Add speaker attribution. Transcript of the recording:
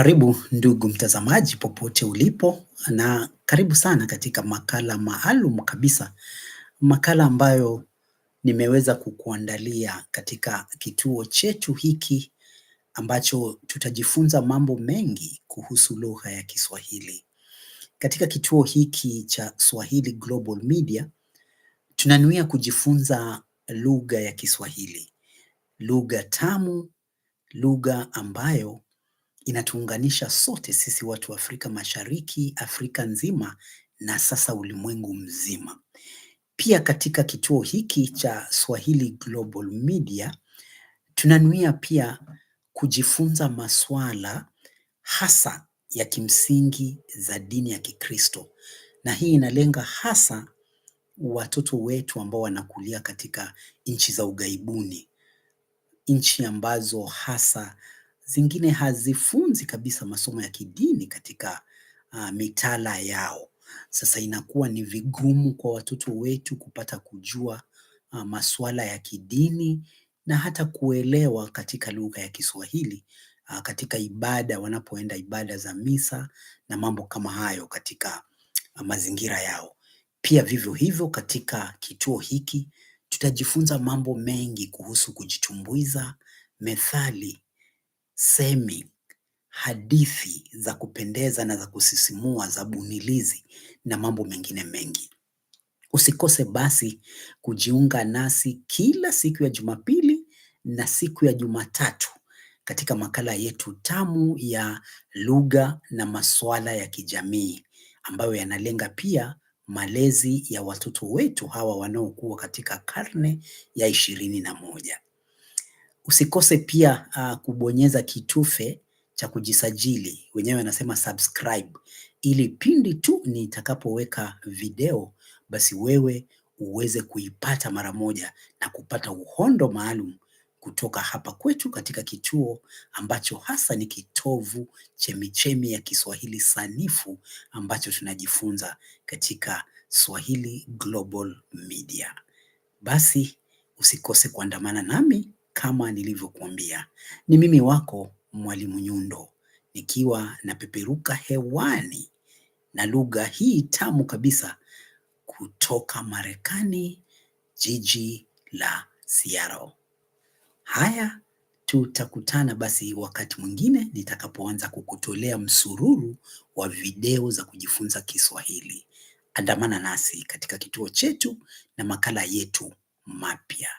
Speaker 1: Karibu ndugu mtazamaji popote ulipo, na karibu sana katika makala maalum kabisa, makala ambayo nimeweza kukuandalia katika kituo chetu hiki ambacho tutajifunza mambo mengi kuhusu lugha ya Kiswahili. Katika kituo hiki cha Swahili Global Media tunanuia kujifunza lugha ya Kiswahili, lugha tamu, lugha ambayo inatuunganisha sote sisi watu wa Afrika Mashariki, Afrika nzima na sasa ulimwengu mzima. Pia katika kituo hiki cha Swahili Global Media tunanuia pia kujifunza masuala hasa ya kimsingi za dini ya Kikristo, na hii inalenga hasa watoto wetu ambao wanakulia katika nchi za ughaibuni, nchi ambazo hasa zingine hazifunzi kabisa masomo ya kidini katika uh, ah, mitaala yao. Sasa inakuwa ni vigumu kwa watoto wetu kupata kujua uh, ah, masuala ya kidini na hata kuelewa katika lugha ya Kiswahili uh, katika ibada wanapoenda ibada za misa na mambo kama hayo katika uh, mazingira yao. Pia vivyo hivyo katika kituo hiki tutajifunza mambo mengi kuhusu kujitumbuiza, methali semi, hadithi za kupendeza na za kusisimua za bunilizi na mambo mengine mengi. Usikose basi kujiunga nasi kila siku ya Jumapili na siku ya Jumatatu katika makala yetu tamu ya lugha na masuala ya kijamii ambayo yanalenga pia malezi ya watoto wetu hawa wanaokuwa katika karne ya ishirini na moja. Usikose pia uh, kubonyeza kitufe cha kujisajili, wenyewe anasema subscribe, ili pindi tu nitakapoweka video basi wewe uweze kuipata mara moja na kupata uhondo maalum kutoka hapa kwetu katika kituo ambacho hasa ni kitovu chemichemi ya Kiswahili sanifu ambacho tunajifunza katika Swahili Global Media. Basi usikose kuandamana nami kama nilivyokuambia, ni mimi wako Mwalimu Nyundo nikiwa napeperuka hewani na lugha hii tamu kabisa kutoka Marekani, jiji la Seattle. Haya, tutakutana basi wakati mwingine nitakapoanza kukutolea msururu wa video za kujifunza Kiswahili. Andamana nasi katika kituo chetu na makala yetu mapya.